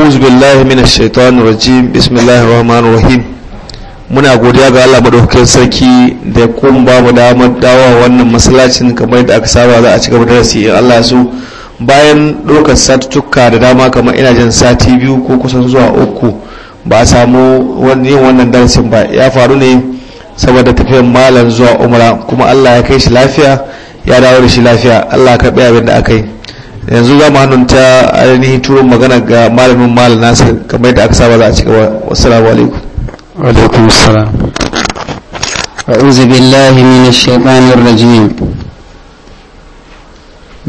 a'udhu billahi minash shaitanir rajim bismillahir rahmanir rahim muna godiya ga Allah madaukakin sarki da kun ba mu damar dawo wannan masallacin kamar da aka saba za a ci gaba da darasi in Allah so bayan ɗaukar satuttuka da dama kamar ina jin sati biyu ko kusan zuwa uku ba a samu yin wannan darasin ba ya faru ne saboda tafiyar malam zuwa umra kuma Allah ya kai shi lafiya ya dawo da shi lafiya Allah ka bi abin da aka yi yanzu za mu hannunta ainihin turin magana ga malamin mal nasu kamar yadda aka saba za a cikin wasu alaikum alaikum salam أعوذ بالله من الشيطان الرجيم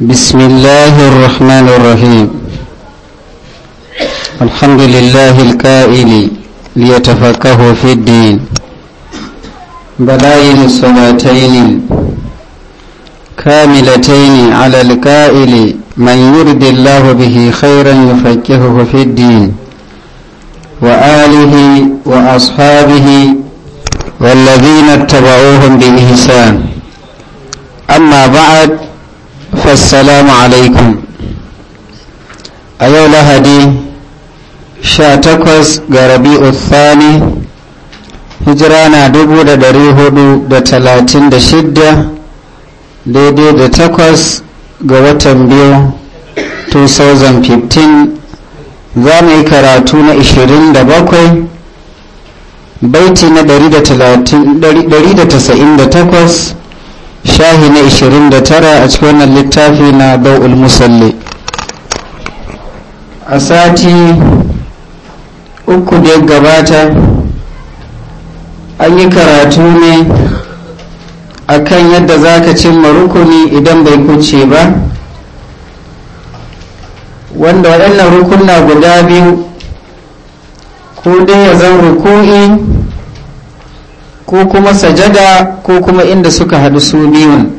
بسم الله الرحمن الرحيم الحمد لله الكائل ليتفقه في الدين بلاين الصلاتين كاملتين على الكائل من يرد الله به خيرا يفكهه في الدين وآله وأصحابه والذين اتبعوهم بإحسان أما بعد فالسلام عليكم أيها الهدي شاتكوس غربي الثاني هجرانا دبو دا دريهو دا تلاتين دا شدة daidai da takwas ga watan biyu 2015 za mu yi karatu na 27 baiti na 198 shahi na 29 a cikin wannan littafi na bau'ul musalli a sati uku da gabata an yi karatu ne akan yadda za ka cimma rukuni idan bai kuce ba wanda waɗannan rukunna guda biyu ko dai ya zan ruku'i ko kuma sajada ko kuma inda suka haɗu su biyun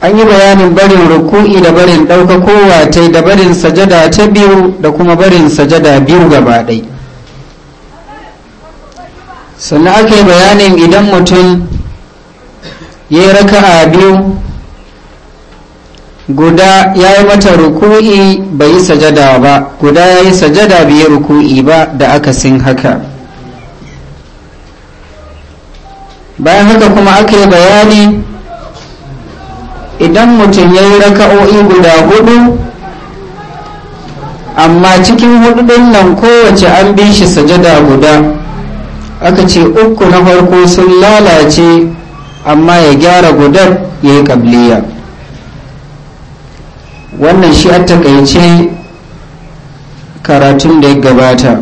an yi bayanin barin ruku'i da barin ɗauka kowa ta da barin sajada ta biyu da kuma barin sajada biyu gaba ɗaya sannan ake bayanin idan mutum ya yi raka'a biyu guda ya yi mata ruku'i bai yi sajada ba guda ya yi sajada bai yi ruku'i ba da aka akasin haka bayan haka kuma aka yi bayani idan mutum ya yi raka'o'i guda hudu amma cikin hudu nan kowace an bi shi sajada guda aka ce uku na farko sun lalace amma ya gyara gudar ya yi kabliya wannan shi a takaice karatun da ya gabata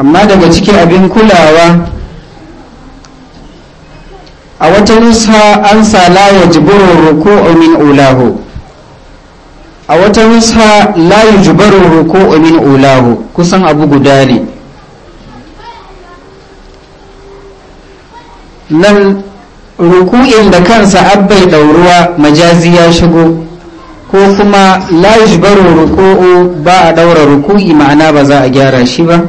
amma daga cikin abin kulawa a wata nusa an sala ya jibirin min ulahu a wata nusa la jibirin min ulahu kusan abu guda ne nan ruku'in da kansa abbai ɗauruwa majazi ya shigo ko kuma la baro ruku'u ba a ɗaura ruku'i ma'ana ba za a gyara shi ba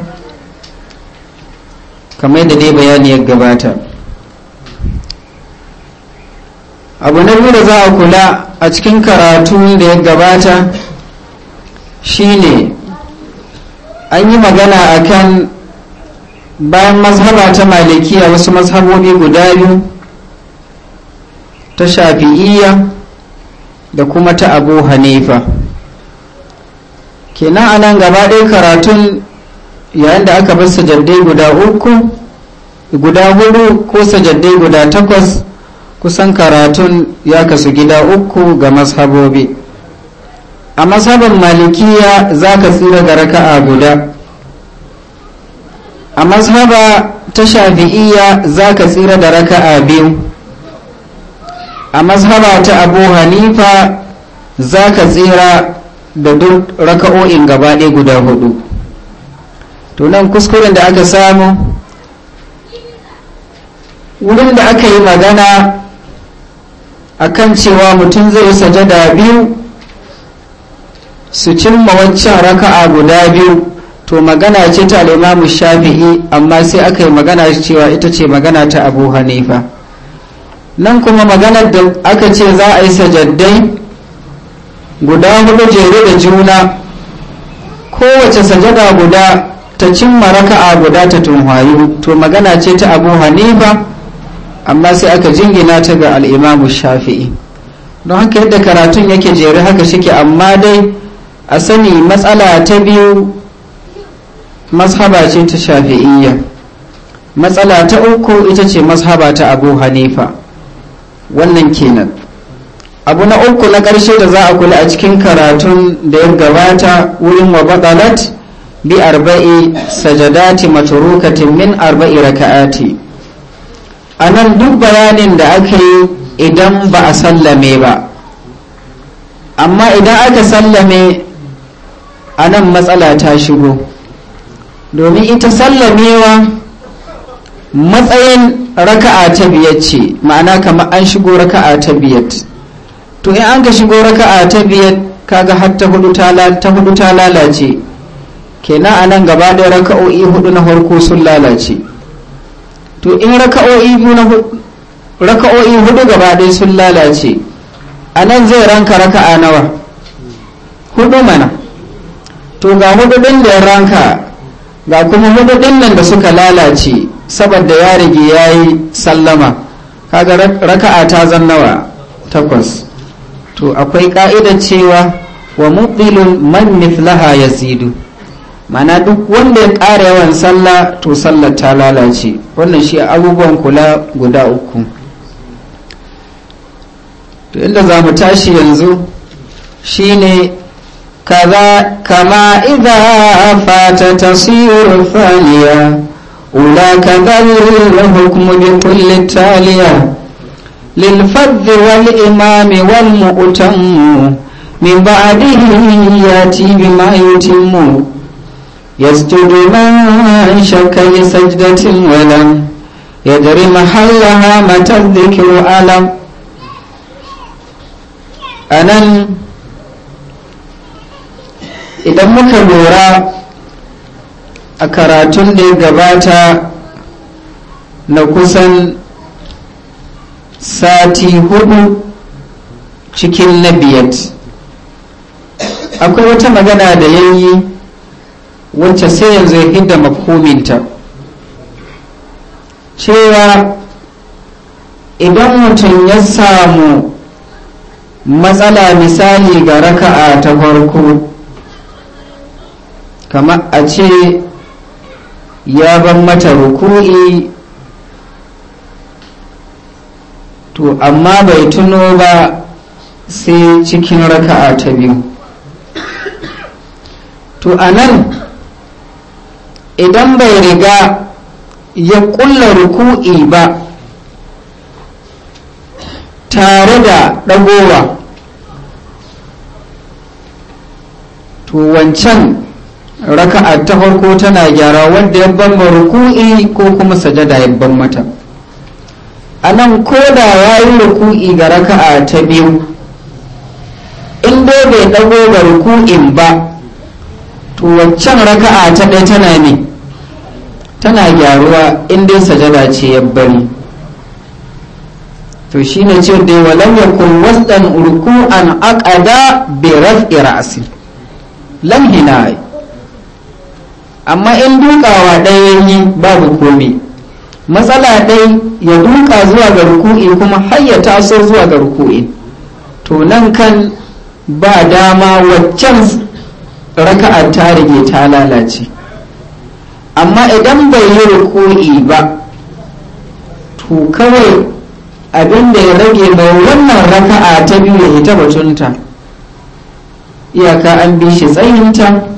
kamar da dai bayani ya gabata abu na da za a kula a cikin karatu da ya gabata shine an yi magana akan bayan mazhaba ta malikiya wasu mazhabobi guda biyu ta shafi'iyya da kuma ta abu hanifa kenan a nan gaba ɗaya karatun yayin da aka bar sajaddai guda uku guda hudu ko sajaddai guda takwas kusan karatun ya kasu gida uku ga mazhabobi a mazhabin malikiya za ka tsira ga raka'a guda a mazhaba ta shafi'iyya za ka tsira da raka'a biyu a mazhaba ta abu hanifa za ka tsira da duk raka'o'in gabaɗe guda hudu tunan kuskuren da aka samu wurin da aka yi magana a kan cewa mutum zai sajada biyu su cimma waccan raka'a guda biyu to magana ce ta al'imamu shafi'i amma sai aka yi magana cewa ita ce magana ta abu hanifa nan kuma maganar da aka ce za a yi sajaddai guda hudu jere da juna kowace sajada guda ta cimma raka'a guda ta tunhayu to magana ce ta abu hanifa amma sai aka jingina ta ga al'imamu shafi'i don haka yadda karatun yake jere haka shike amma dai a sani matsala ta biyu mazhaba ce ta shafi'iyya matsala ta uku ita ce mazhaba ta abu hanifa wannan kenan abu na uku na ƙarshe da za a kula a cikin karatun da ya gabata wurin wa baɗalat bi arba'i sajadati maturukatin min arba'i raka'ati a nan duk bayanin da aka yi idan ba a sallame ba amma idan aka sallame a nan matsala ta shigo domin ita sallamewa matsayin raka'a ta biyar ce ma'ana kamar an shigo raka'a ta biyar to in an ka shigo raka'a ta biyar kaga har ta hudu ta lalace kenan a nan gaba da raka'o'i hudu na farko sun lalace to in raka'o'i raka'o'i hudu gaba ɗaya sun lalace a nan zai ranka raka'a nawa hudu mana to ga hudu ɗin da ya ranka ga kuma hududin nan da suka lalace saboda ya rage ya yi sallama kaga raka'a ta zannawa takwas to akwai ka'idar cewa wa mubilun man ya yazidu mana duk wanda ya ƙara yawan sallah to sallar ta lalace wannan shi abubuwan kula guda uku to inda za mu tashi yanzu shine كذا كما إذا فات تصير ثانية ولا كذل الحكم بكل التالية للفذ والإمام والمؤتم من بعده يأتي بما يتم يسجد من شك لسجدة ولم يدري محلها متى الذكر ألم أنا idan muka lura a karatun da ya gabata na kusan sati hudu cikin na biyat akwai wata magana da ya yi wacce sai yanzu ya hidda mafhuminta cewa idan mutum ya samu matsala misali ga raka'a ta farko Kama a ce ya ban mata ruku'i to amma bai tuno ba sai cikin raka'a ta biyu to a nan idan bai riga ya kulla ruku'i ba tare da ɗagowa to wancan raka'a ta farko tana gyara wanda ya ban ruku'i ko kuma sajada ya ban mata a nan da ya yi ruku'i ga raka'a ta biyu in dai bai ɗago ga ruku'in ba to waccan raka'a ta ɗaya tana ne tana gyaruwa in dai sajada ce ya bari to shi ne ce dai kun wasu ɗan ruku'an aƙada bai raf'i ra'si lam amma in dukawa ɗaya yi babu komi matsala ɗai ya duka zuwa ga ruku'i kuma har ya taso zuwa ga ruku'i to nan kan ba dama waccan raka'a ta rage ta lalace amma idan bai yi ruku'i ba to kawai abin da ya rage mai wannan raka'a ta biyu ya hita batunta iyaka an bi shi tsayinta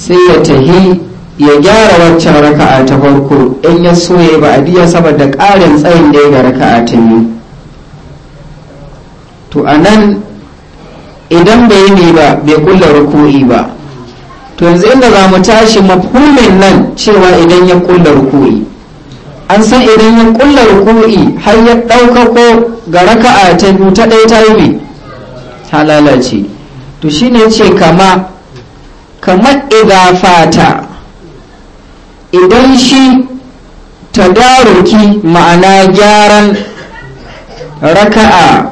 sai ya tahi ya gyara waccan raka'a ta farko in ya soye ba a biya saboda ƙarin tsayin da ga raka'a ta biyu to a nan idan bai yi ba bai kulla ruku'i ba to yanzu inda za mu tashi mafhumin nan cewa idan ya kulla ruku'i an san idan ya kulla ruku'i har ya ɗaukako ga raka'a ta biyu ta ɗaya ta yi ta lalace to shine ce kama kamar fata, idan shi ta tadaruki ma'ana gyaran raka'a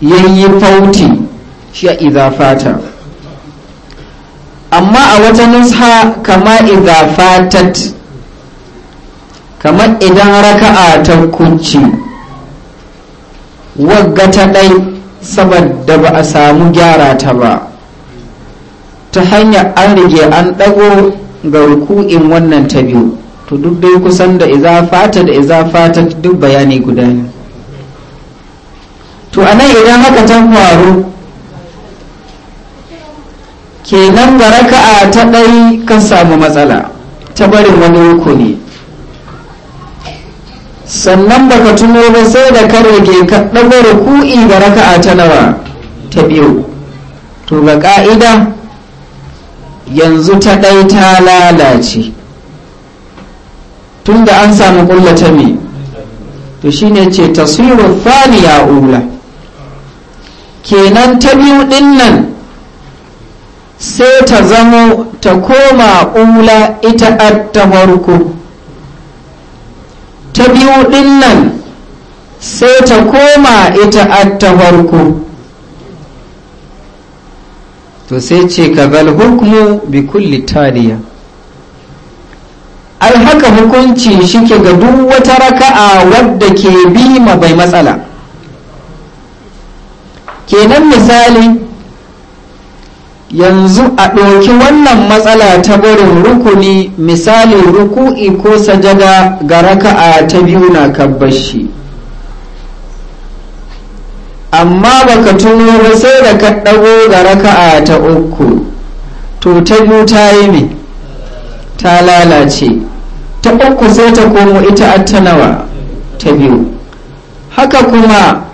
yayi fauti shi a fata, amma a wata nusha kama fatat kamar idan raka'a ta kunci wagga ta ɗai saboda ba a samu gyara ta ba ta hanyar an rige an ɗago ga ruku'in wannan ta biyu to duk dai kusan da iza fata da iza fata duk bayani guda ne to anan idan haka ta faru kenan ga raka'a ta ɗari kan samu matsala ta barin wani rukuni sannan baka tuno ba sai da ka rage ka ɗago ruku'i ga raka'a ta nawa ta biyu to ga ƙa'ida yanzu ta ɗai ta lalace tun da an samu ta mai to shi ne ce taswiru ya ula kenan ta biyu ɗin nan sai ta zamo ta koma ula ita ta farko ta biyu ɗin nan sai ta koma ita ta farko to sai ce ka bal hukmu bi kulli taliya ai haka hukunci shike ga duk wata raka'a wadda ke bi ma bai matsala kenan misali yanzu a ɗauki wannan matsala ta barin rukuni misali ruku'i ko sajada ga raka'a ta biyu na kabbashi amma baka tuno ba sai da ka ɗago ga raka'a ta uku to ta biyu ta yi ne ta lalace ta uku sai ta komo ita attanawa ta biyu haka kuma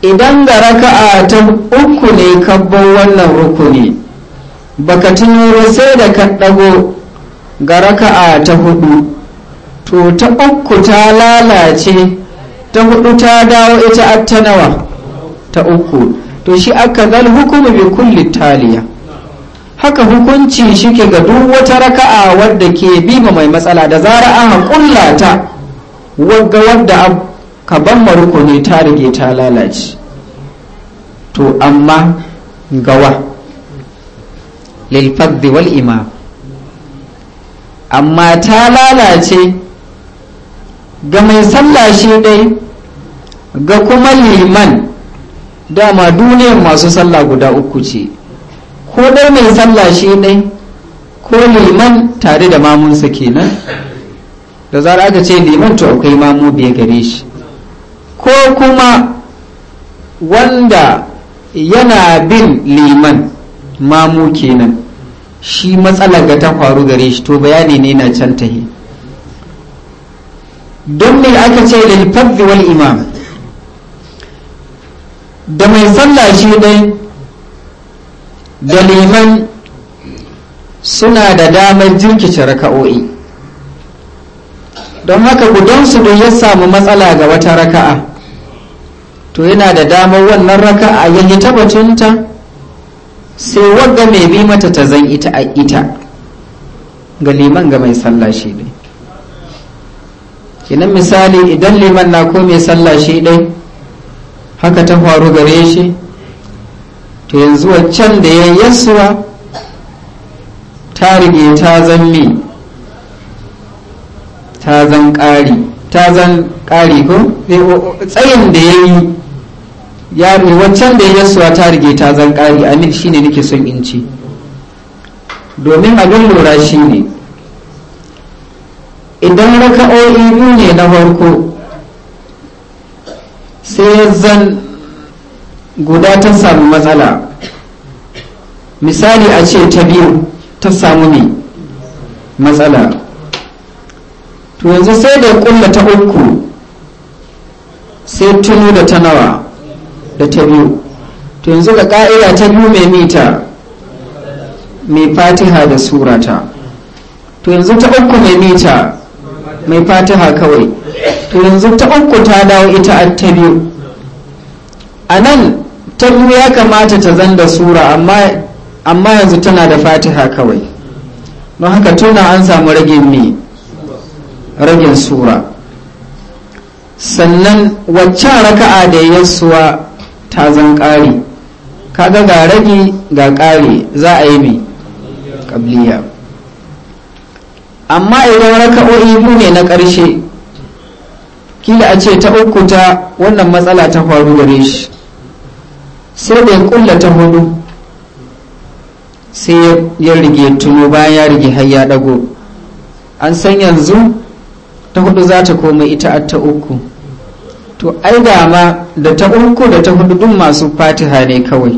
idan ga raka'a ta uku ne kabban wannan rukuni baka tuno ba sai da ka ɗago ga raka'a ta hudu to ta uku ta lalace ta hudu ta dawo ita attanawa ta uku to shi aka zal hukumu bi kulli taliya haka hukunci shike ga duk wata raka'a wadda ke bi ma mai matsala da zara an kulla ta wagga wadda ka ban maruko ne ta rige ta lalace to amma gawa lil wal imam amma ta lalace ga mai sallah dai ga kuma liman dama duniyar masu sallah guda uku ce ko dai mai sallah shi ne ko liman tare da mamunsa kenan da zara aka ce liman to akwai mamu biya gare shi ko kuma wanda yana bin liman mamu kenan shi matsala ga ta faru gare shi to bayani ne na can tahi don me aka ce lilfadzi wal imam da mai sallah shi dai da liman suna da damar jirkice raka'o'i don haka gudansu don ya samu matsala ga wata raka'a to yana da damar wannan raka'a ya yi tabbacinta sai wadda mai bi mata ta zan ita a ita ga liman ga mai sallah shi dai kinan misali idan liman na ko mai sallah shi dai haka ta faru gare shi to yanzu waccan da ya yasuwa ta rige ta zanne ta zan ƙari ta zan ƙari ko eh, tsayin da ya yi ya waccan da ya yasuwa ta rige ta zan ƙari amin shine nake son in ce domin abin lura shine idan raka'o'i ne na farko sai zan guda ta samu matsala misali a ce ta biyu ta samu ne matsala to yanzu sai da kulla ta uku sai tunu da ta nawa da ta biyu to yanzu ga ka'ida ta biyu mai mita mai fatiha da surata to yanzu ta uku mai mita mai fatiha kawai to yanzu ta uku ta dawo ita ta biyu a nan ta biyu ya kamata ta zan da sura amma yanzu tana da fatiha kawai don haka tuna an samu ragin mai ragin sura sannan waccan raka'a da yasuwa ta zan kare kaga ga ragi ga kare za a yi mai ƙabliya amma idan raka'o'i biyu ne na ƙarshe kila a ce ta uku ta wannan matsala ta faru gare shi sai bai kulla ta hudu sai ya rige tuno bayan ya rige har ya dago an san yanzu ta hudu za ta komai ita a ta uku to ai dama da ta uku da ta hudu dun masu fatiha ne kawai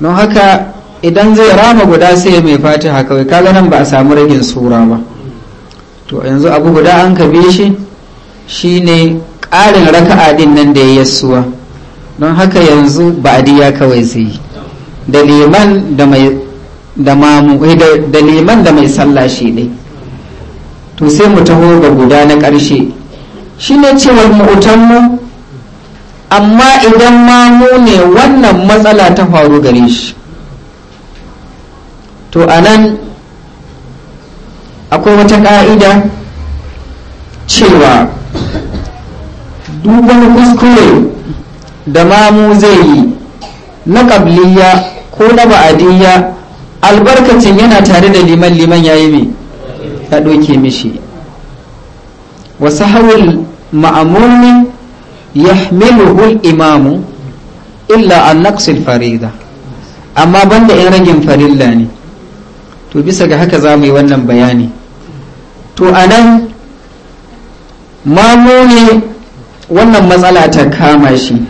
don haka idan zai rama guda sai mai fatiha kawai kaga nan ba a samu ragin sura ba to yanzu abu guda an ka bi shi shine ƙarin raka'a din nan da ya yasuwa don haka yanzu ba diya kawai zai yi eh, da liman da mai sallah shi ne to sai mu taho ga guda na ƙarshe shi shine cewar mu amma idan mamu ne wannan matsala ta faru gare shi to anan akwai wata ƙa'ida cewa dubban kuskure da mamu zai yi na ƙabliya ko na ba'adiyya albarkacin yana tare da liman liman ya yi mai ya ɗauke mishi wasu hawul ma'amuni ya hul imamu illa an naqsil farida amma banda in ragin farilla ne to bisa ga haka za mu yi wannan bayani to a nan mamu ne wannan matsala ta kama shi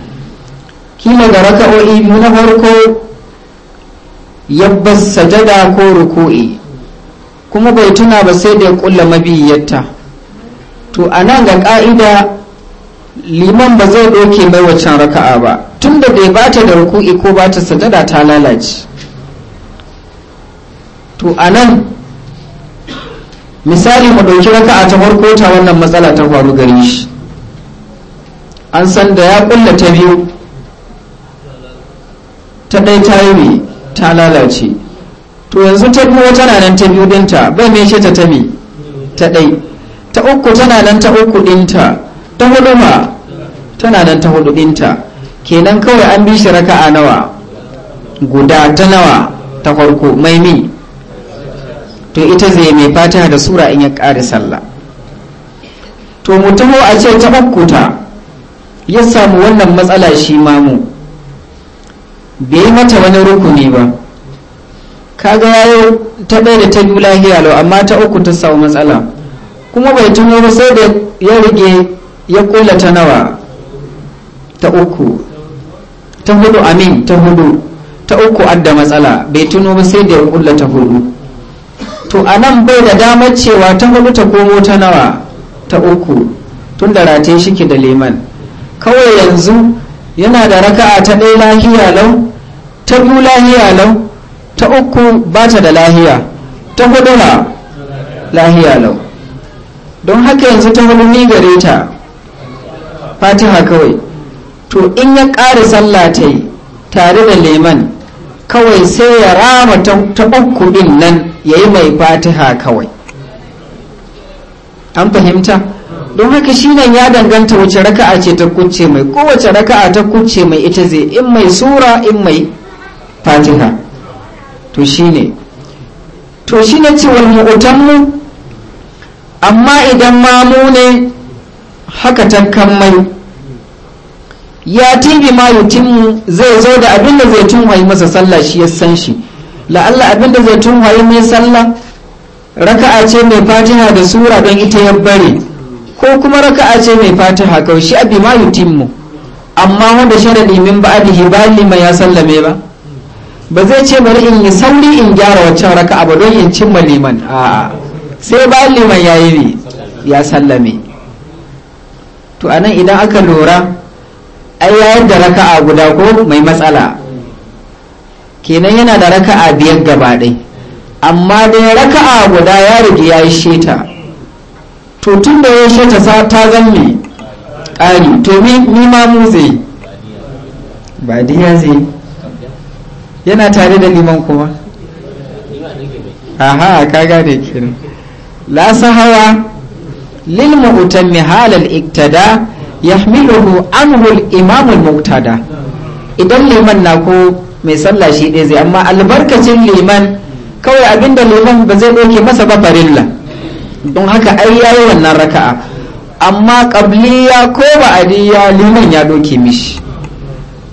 kila ga raka'o'i biyu na farko yabbar sajada ko ruku'i kuma bai tuna ba sai da ya kulla mabiyyarta to a nan ga ka'ida liman ba zai ɗauke mai waccan raka'a ba tunda bai bata da ruku'i ko bata sajada ta lalace to a nan misali mu ɗauki a ta farko ta wannan matsala ta faru gare shi an san da ya kulla ta biyu ta ɗai ta yi ta lalace to yanzu ta biyu tana nan ta biyu dinta bai mai shi ta ta ta ɗai ta uku tana nan ta uku dinta ta hudu ma tana nan ta hudu dinta kenan kawai an bi shi a nawa guda ta nawa ta farko mai mi to ita zai mai fata da sura in ya ƙare sallah to mu taho a ce ta ukkuta ya samu wannan matsala shi mamu bai mata wani rukuni ba kaga yayo ta bai da ta biyu lahiya lau amma ta uku ta samu matsala kuma bai tuno ba sai da ya rige ya kula ta nawa ta uku ta hudu amin ta hudu ta uku adda matsala bai tuno ba sai da ya kula ta hudu to a nan bai da damar cewa ta hudu ta komo ta nawa ta uku tun da rataye ke da leman kawai yanzu yana da raka'a ta ɗaya lahiya lau ta biyu lahiya lau ta uku ba ta da lahiya ta hudu na lahiya lau don haka yanzu ta hudu ni gare ta fatiha kawai to in ya ƙara sallah ta yi tare da leman kawai sai ya rama ta uku din nan ya yi mai fatiha kawai an fahimta don haka shi nan ya danganta wace raka'a ce ta kunce mai kowace raka'a ta kunce mai ita zai in mai sura in mai fatiha to shi ne to shi ne cewar mu'utanmu amma idan mamu ne haka tankan mai ya tibi ma yutimmu zai zo da abinda da zai yi masa sallah shi ya san shi la'alla da zai tunwaye mai sallah raka'a ce mai fatiha da sura don ita ya bare ko kuma raka'a ce mai fatiha kawai shi abi ma yutimmu amma wanda sharadi min ba'dihi ba lima ya sallame ba ba zai ce bari in yi sauri in gyara waccan raka'a ba don in cimma liman a'a sai ba liman yayi ne ya sallame to anan idan aka lura ai yayar da raka'a guda ko mai matsala kenan yana da raka'a biyar gaba amma dai raka'a guda ya rige ya yi sheta to tun da ya sheta ta zamme ƙari to ni ma mu zai ba diya zai yana tare da liman kuma aha ka gane kenan la sahawa lil mu'tammi halal iktada yahmiluhu amru al imam al muqtada idan liman na ko mai sallah shi ɗaya zai amma albarkacin liman kawai abinda liman ba zai ɗauke masa ba farilla don haka ai ya yi wannan raka'a amma ƙabliya ko ba'adiyya liman ya ɗauke mishi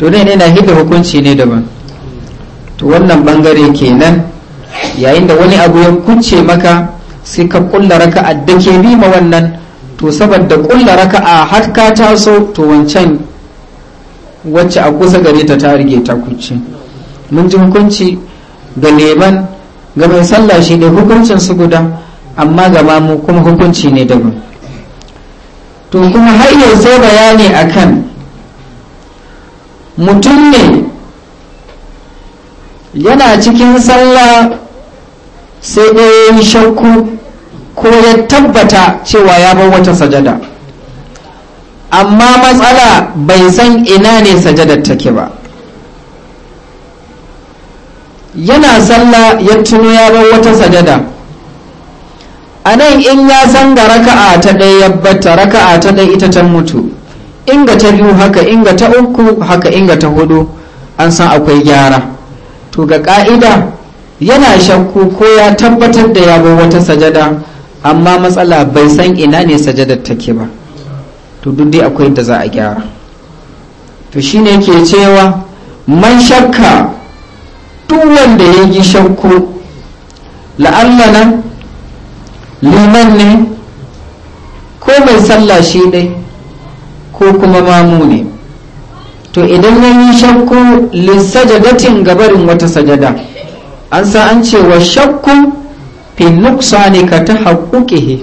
to ne ne na hidda hukunci ne daban to wannan bangare kenan yayin da wani abu ya kunce maka sai ka kulla raka'a da ke bi wannan to saboda kulla raka'a har ka taso to wancan wacce a kusa gare ta ta rige ta kuce mun ji hukunci ga leban ga mai sallah shi ne hukuncin su guda amma ga mamu kuma hukunci ne daban to kuma har yanzu bayani akan mutum ne yana cikin sallah sai ɗaya yi shakku ko ya tabbata cewa ya bar wata sajada amma matsala bai san ina ne sajadar take ba yana sallah ya tuno ya bar wata sajada a nan in ya zanga raka'a ta ɗaya ya batta raka'a ta ɗaya ita ta mutu inga ta biyu haka inga ta uku haka inga ta hudu an san akwai gyara to ga ka'ida yana shakku ko ya tabbatar da ya bar wata sajada amma matsala bai san ina ne sajadar take ba to duk dai akwai da za a gyara to shine ke cewa man shakka wanda ya yi shakku la'alla nan liman ne ko mai sallah shi ne ko kuma mamu ne to idan ya yi shakku lissajadatin gabarin wata sajada an sa an ce wa shakku fi ne ka ta haƙuƙihe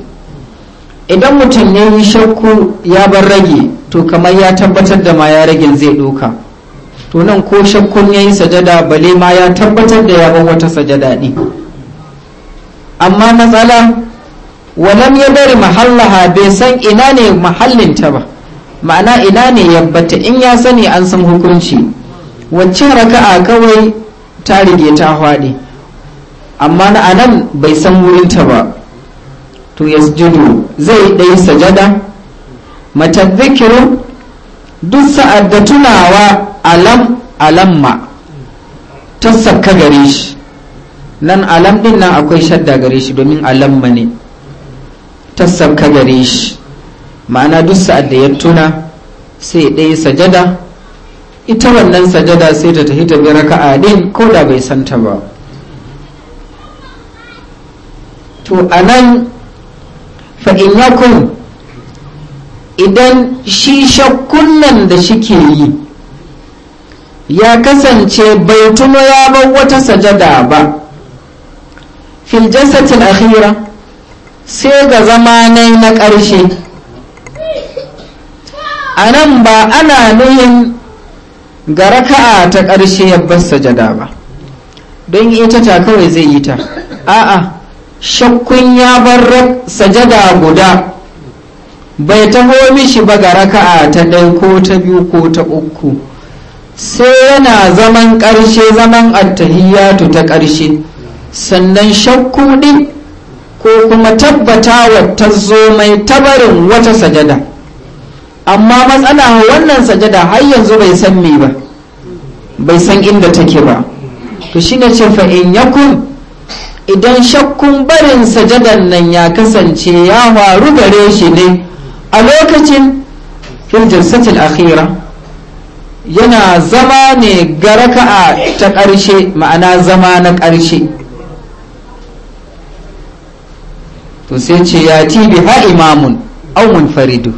idan mutum ya yi shakku ya bar rage to kamar ya tabbatar da ma ya ragen zai ɗoka to nan ko shakkun yi sajada bale ma ya tabbatar da ya wata sajada ne amma matsala walam ya bari mahallaha bai san ina ne mahallinta ba ma'ana ina ne yabbata in ya sani an san hukunci wacce raka'a kawai ta rige ta hwaɗe amma na anan bai san wurinta ba to ya zai ɗai sajada matabbikiru duk sa'ad da tunawa alam alamma ta sakka gare shi nan alam din nan akwai shadda gare shi domin alamma ne ta sakka gare shi ma'ana duk sa'ad da ya tuna sai ɗaya sajada ita wannan sajada sai ta tafi ta raka'a din ko da bai santa ba to anan fa'in yakun idan shi shakkunan da shike yi ya kasance bai tuno ya bar wata sajada ba fil a akhira sai ga zamanai na ƙarshe a nan ba ana nuhin ga raka'a ta ƙarshe ya sajada ba don ita ta kawai zai yi ta a'a shakkun ya bar sajada guda bai taho mishi ba ga raka'a ta ɗaya ko ta biyu ko ta uku sai yana zaman ƙarshe zaman attahiyatu ta ƙarshe sannan shakku ɗin ko kuma tabbatawa ta zo mai tabarin wata sajada amma matsala wannan sajada har yanzu bai san me ba bai san inda take ba to shine ce fa in yakun idan shakkun barin sajadan nan ya kasance ya faru gare shi ne a lokacin fil jalsatil akhira yana zama ne ga raka'a ta ƙarshe ma'ana zama na ƙarshe to sai ce ya ti ha imamun aw munfaridu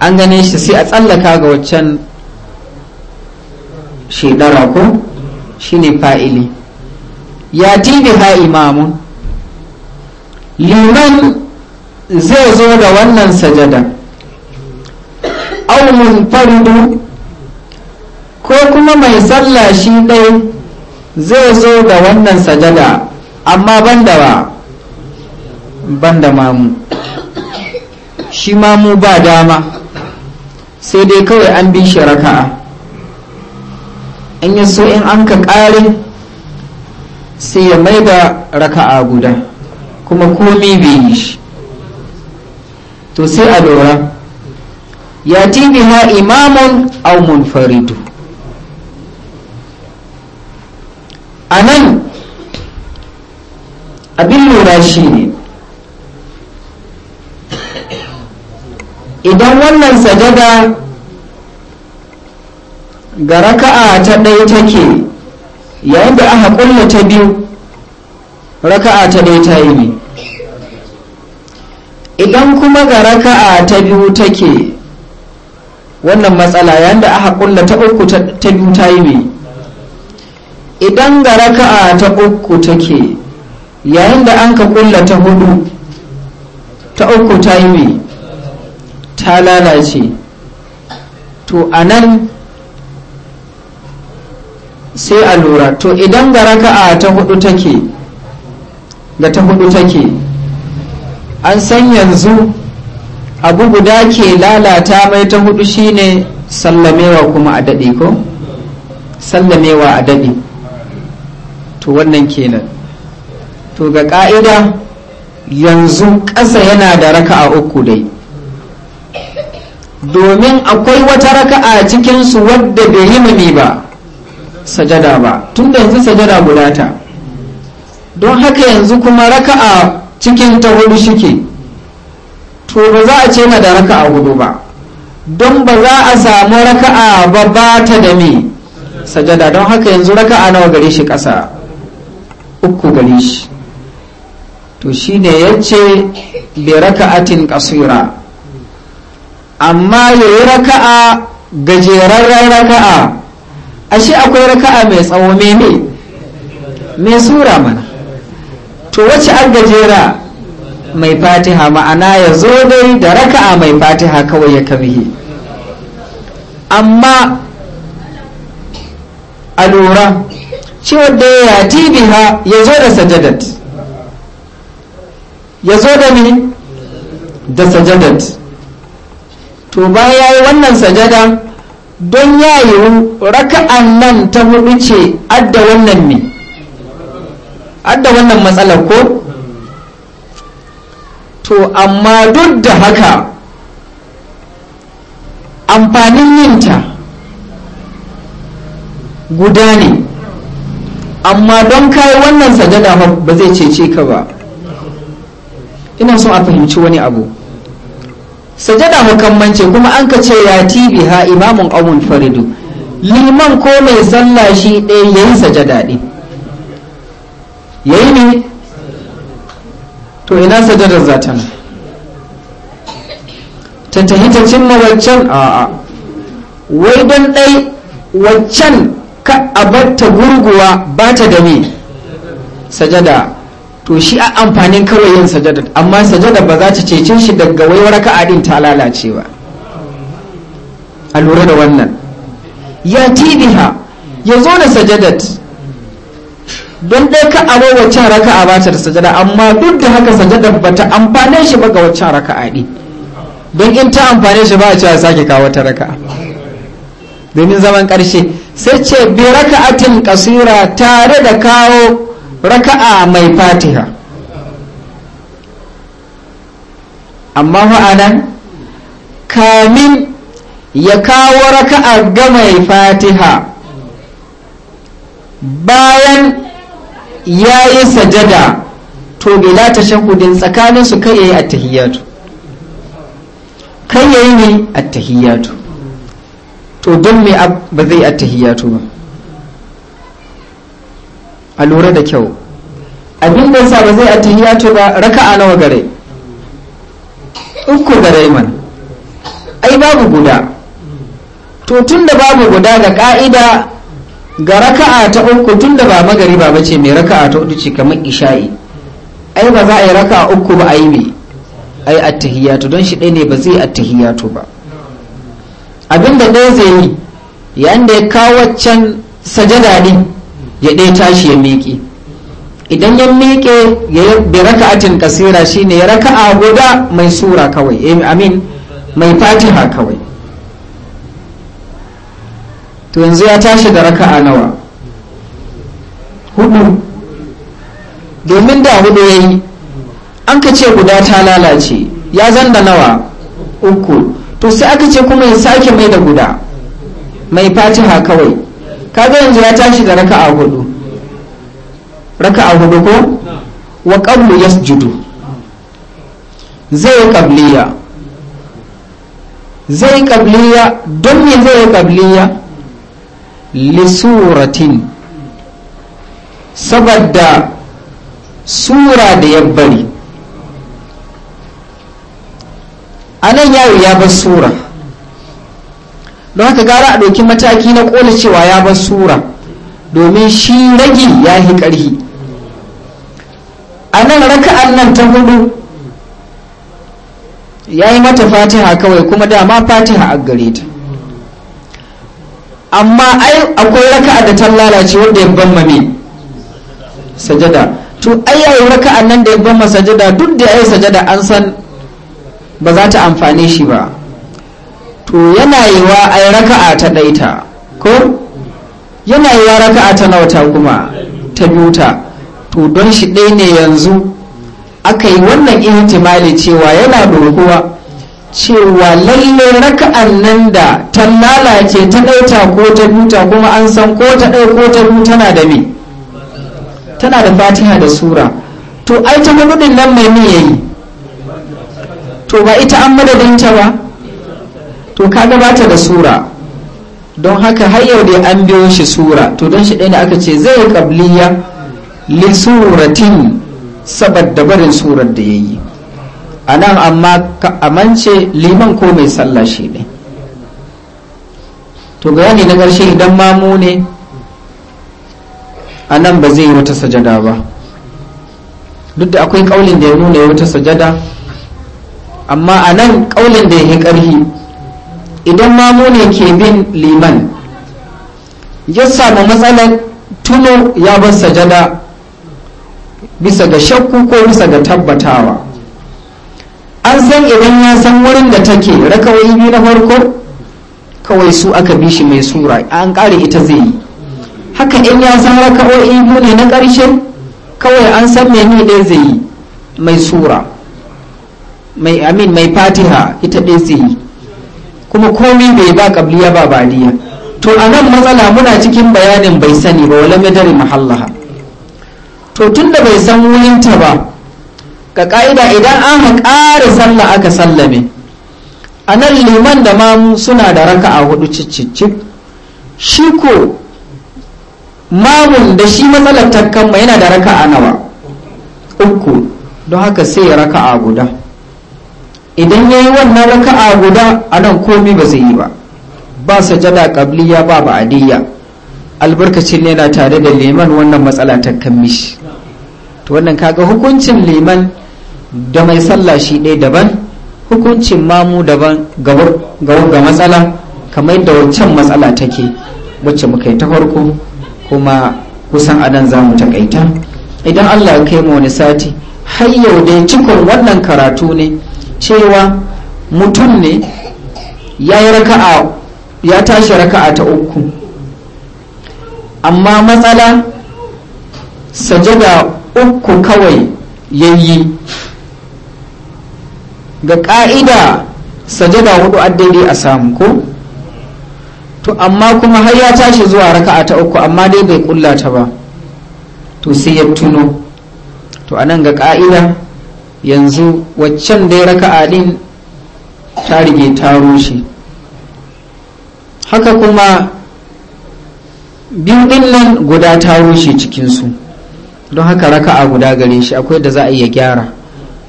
an gane shi sai a tsallaka ga waccan shedara ko shine fa'ili ya ti ha imamun liman zai zo da wannan sajada aumun fardu ko kuma mai sallah shi ɗai zai zo da wannan sajada amma banda ba banda mamu shi mamu ba dama sai dai kawai an bi shi raka'a in yi so in an ka ƙare sai ya mai da raka'a guda kuma komi bai yi shi to sai a lura ya biha imamun au munfaridu a nan abin lura shi ne idan wannan sajada ga raka'a ta ɗaya take yayin da aka ƙulla ta biyu raka'a ta ɗaya ta yi ne idan kuma ga raka'a ta biyu take wannan matsala da aka kulla ta uku ta biyu ta yi mai idan ga raka'a ta uku take yayin da an ka kulla ta hudu ta uku ta yi mai ta lalace to a nan sai a lura to idan ga raka'a ta hudu take ga ta hudu take an san yanzu abu guda ke lalata mai ta hudu shine sallamewa kuma a daɗe ko sallamewa a daɗe to wannan kenan to ga ƙa'ida yanzu ƙasa yana da raka a uku dai domin akwai wata raka'a cikinsu wadda bai yi mani ba sajada ba tun da yanzu sajada gudata don haka yanzu kuma raka'a cikin ta hudu shike to ba za a ce na da raka'a hudu ba don ba za a samu raka'a ba ba ta da me sajada don haka yanzu raka'a nawa gare shi ƙasa uku gare shi to shi ne ya ce bi raka'atin kasira amma ya yi raka'a gajerarren raka'a ashe akwai raka'a mai tsawo mene mai sura mana to wacce an gajera mai fatiha ma'ana ya zo dai da raka'a mai fatiha kawai ya kamihi amma a lura cewar da ya biha ya zo da sajadat ya zo da ne da sajadat to baya yi wannan sajada don ya yiwu raka'an nan ta hudu ce adda wannan ne adda wannan matsalar ko to amma duk da haka amfanin yinta guda ne amma don kayi wannan sajada ba zai cece ka ba ina so a fahimci wani abu sajada hukammance kuma an ka ce ya tibi ha imamun awun faridu liman ko mai sallah shi ɗaya yayi sajada ɗin Ya yi ne to ina sajadar zata nan ta tahi ta cimma waccan a'a wai don ɗai waccan ka abarta gurguwa ba ta da me sajada to shi a amfanin kawai yin sajada amma sajada ba za ta cece shi daga waiwar raka'a din ta lalace ba a lura da wannan ya tibiha ya zo na sajadat don dai ka awa waccan raka'a ba ta da sajada amma duk da haka sajada ba ta amfane shi ba ga waccan a ɗi don in ta amfane shi ba a cewa sake kawo wata rak'a domin zaman ƙarshe sai ce bi tun kasira tare da kawo a mai fatiha amma anan kamin ya kawo a ga mai fatiha bayan ya yi sajada to bila ta shahudin tsakanin su kai yayi attahiyatu kai yayi ne attahiyatu to don me ba zai attahiyatu ba a lura da kyau abin da sa ba zai attahiyatu ba raka'a nawa gare uku gare man ai babu guda to tun da babu guda ga ka'ida ga raka'a ta uku tun da ba magari ba ce mai raka'a ta uku ce kamar isha'i ai ba za a yi raka'a uku ba a yi mai ai attahiyatu don shi ɗaya ne ba zai attahiyatu ba abin da ɗaya zai yi yayin da ya kawo waccan sajada ɗin ya ɗaya tashi ya miƙe idan ya miƙe ya yi bi raka'atin kasira shine ya raka'a guda mai sura kawai eh, amin mai fatiha kawai to yanzu ya tashi da raka'a nawa hudu domin da hudu ya yi an ka ce guda ta lalace ya zanda nawa uku to sai aka ce kuma ya sake mai da guda mai fatiha kawai kaga yanzu ya tashi da raka'a hudu raka'a hudu ko wa qablu yasjudu zai qabliya zai qabliya don me zai qabliya lisuratin saboda sura da ya bari a nan yaro ya bar sura don haka gara a ɗauki mataki na ƙola cewa ya bar sura domin shi ragi ya yi ƙarhi a nan raka'an nan ta hudu ya yi mata fatiha kawai kuma dama fatiha a gare ta amma ai akwai raka'a da ta lalace wanda ya bamma me sajada to ai yayin nan da ya bamma sajada duk da ai sajada an san ba za ta amfane shi ba to yana yiwa ai raka'a ta daita ko yana yiwa raka'a ta nauta kuma ta biuta to don shi ɗai ne yanzu aka yi wannan ihtimali cewa yana dokuwa cewa lalle raka'an nan da ta lalace ta ɗauta ko ta duta kuma an san ko ta ɗau ko ta buta tana da me tana da fatiha da sura to ai ta madadin nan mai me yayi to ba ita an madadin ta ba to ka gabata da sura don haka har yau da an biyo shi sura to don shi ɗaya ne aka ce zai kabliya li suratin saboda barin surar da yayi a nan amma ka amince liman ko mai sallah shi ne to ga wani na ƙarshe idan mamu ne a nan ba zai yi wata sajada ba duk da akwai ƙaulin da ya nuna ya wata sajada amma a nan ƙaulin da ya yi ƙarfi idan mamu ne ke bin liman ya samu matsalar tuno ya bar sajada bisa ga shakku ko bisa ga tabbatawa an san idan ya san wurin da take rakawai biyu na farko kawai su aka bi shi mai sura an kare ita zai yi haka in ya san rakawai biyu ne na ƙarshe kawai an san ni ɗaya zai yi mai sura mai amin mai fatiha ita ɗaya zai yi kuma komi bai ba kabliya ba baliya to a nan matsala muna cikin bayanin bai sani ba wala madari mahallaha to tunda bai san wuyinta ba ka ƙa'ida idan aka ƙara sallah aka sallame a nan liman da mamu suna da raka a hudu cicicip shi ko mamun da shi matsalar takkan yana da raka a nawa uku don haka sai ya raka a guda idan ya yi wannan raka a guda a nan komi ba zai yi ba ba sajada ƙabliya ba ba'adiyya albarkacin yana tare da liman wannan matsala takkan mishi to wannan kaga hukuncin liman da mai sallah shi ɗaya daban hukuncin mamu daban ga matsala kamar yadda waccan matsala take wacce muka yi ta farko kuma kusan anan za mu takaita idan allah ya kai wani sati har yau dai cikon wannan karatu ne cewa mutum ne ya yi raka'a ya tashi raka'a ta uku amma matsala sajada uku kawai yayi ga ƙa'ida sajada hudu daidai a samu ko to amma kuma har ya tashi zuwa raka'a ta uku amma dai bai kulla ta ba to sai ya tuno to anan ga ƙa'ida yanzu waccan dai raka'a din ta rige ta rushe haka kuma biyu din nan guda ta rushe cikinsu don haka raka'a guda gare shi akwai da za a iya gyara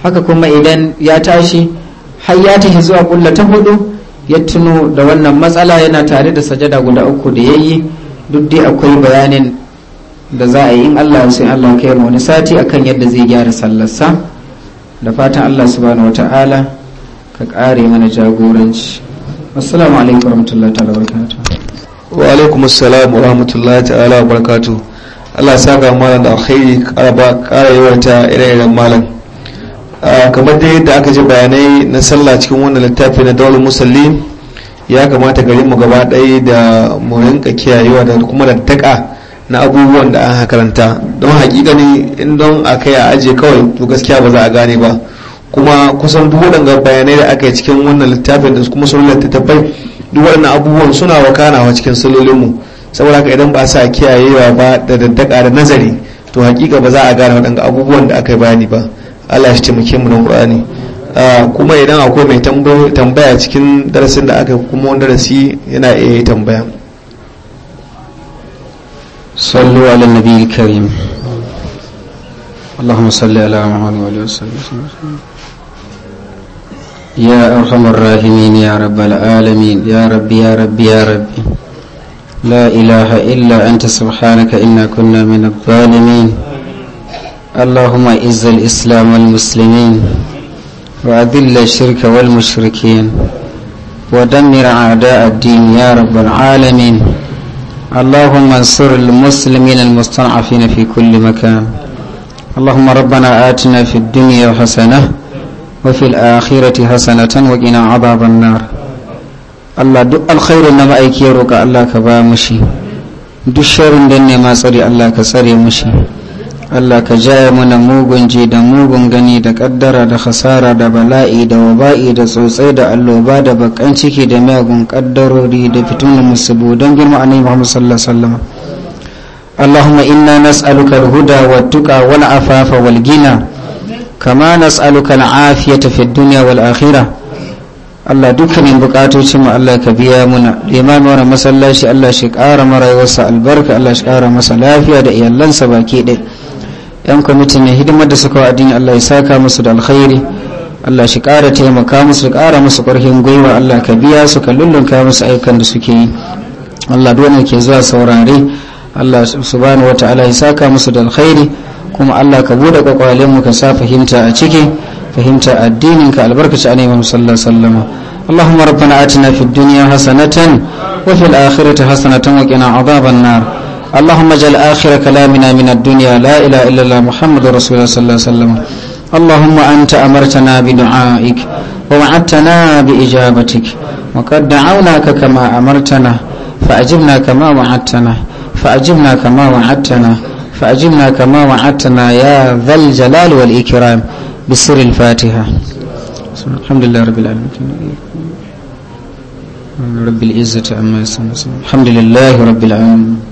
haka kuma idan ya tashi har ya tashi zuwa kulla ta hudu ya tuno da wannan matsala yana tare da sajada guda uku da ya yi duk dai akwai bayanin da za a yi in allah sai allah kai wani sati akan yadda zai gyara sallarsa da fatan allah subhanahu wa ta'ala ka kare mana jagoranci assalamu alaikum warahmatullahi ta'ala barakatuh wa alaikum assalam warahmatullahi ta'ala barakatuh allah saka malam da alkhairi kara yawanta irin irin malam kamar dai yadda aka ji bayanai na sallah cikin wannan littafi na daular musalli ya kamata gari mu gaba ɗaya da mu rinka kiyayewa da kuma da na abubuwan da an karanta don hakika ne in don a kai a aje kawai to gaskiya ba za a gane ba kuma kusan duk waɗanda bayanai da aka yi cikin wannan littafin da kuma sun littattafai duk waɗannan abubuwan suna wakanawa cikin salolinmu saboda haka idan ba sa kiyayewa ba da daddaka da nazari to hakika ba za a gane waɗanda abubuwan da aka yi bayani ba Allah shi taimake mu na Qur'ani ah, kuma idan akwai mai tambaya cikin darasin da aka kuma wani darasi yana iya yi tambaya sallu ala nabi karim اللهم صل على محمد وعلى يا أرحم الراحمين يا رب العالمين يا ربي يا ربي يا ربي لا إله إلا أنت سبحانك كنا من الظالمين اللهم إز الإسلام والمسلمين وأذل الشرك والمشركين ودمر أعداء الدين يا رب العالمين اللهم انصر المسلمين المستضعفين في كل مكان اللهم ربنا آتنا في الدنيا حسنة وفي الآخرة حسنة وقنا عذاب النار Allah duk alkhairin na ma'aiki ya roƙa Allah ka ba mushi duk sharin dan ne ma tsare Allah ka tsare mushi Allah ka jaye mana mugun ji da mugun gani da kaddara da khasara da bala'i da waba'i da tsotsai da alloba da bakan ciki da miyagun kaddarori da fitunan musubu don girma annabi Muhammad sallallahu alaihi wasallam اللهم إنا نسألك الهدى والتقى والعفاف والغنى كما نسألك العافية في الدنيا والآخرة Allah dukkanin bukatocin Allah ka biya muna limamin wani masallaci Allah shi ƙara marayuwarsa albarka Allah shi ƙara masa lafiya da iyalansa baki ɗaya 'yan kwamitin ne hidimar da suka wa addini Allah ya saka musu da alkhairi Allah shi ƙara taimaka musu ƙara musu ƙarfin gwiwa Allah ka biya su ka lullunka musu aikan da suke yi Allah duk ke zuwa saurare Allah subhanahu wata'ala ya saka musu da alkhairi kuma Allah ka bude kwakwalen mu ka sa fahimta a ciki fahimta addinin ka albarkaci a neman sallallahu alaihi wasallam اللهم ربنا آتنا في الدنيا حسنة وفي الآخرة حسنة وقنا عذاب النار اللهم اجعل آخر كلامنا من الدنيا لا إله إلا الله محمد رسول الله صلى الله عليه وسلم اللهم أنت أمرتنا بدعائك ووعدتنا بإجابتك وقد دعوناك كما أمرتنا فأجبنا كما وعدتنا فأجبنا كما وعدتنا فأجبنا كما وعدتنا يا ذا الجلال والإكرام بسر الفاتحة الحمد لله رب العالمين رب العزة عما يصفون الحمد لله رب العالمين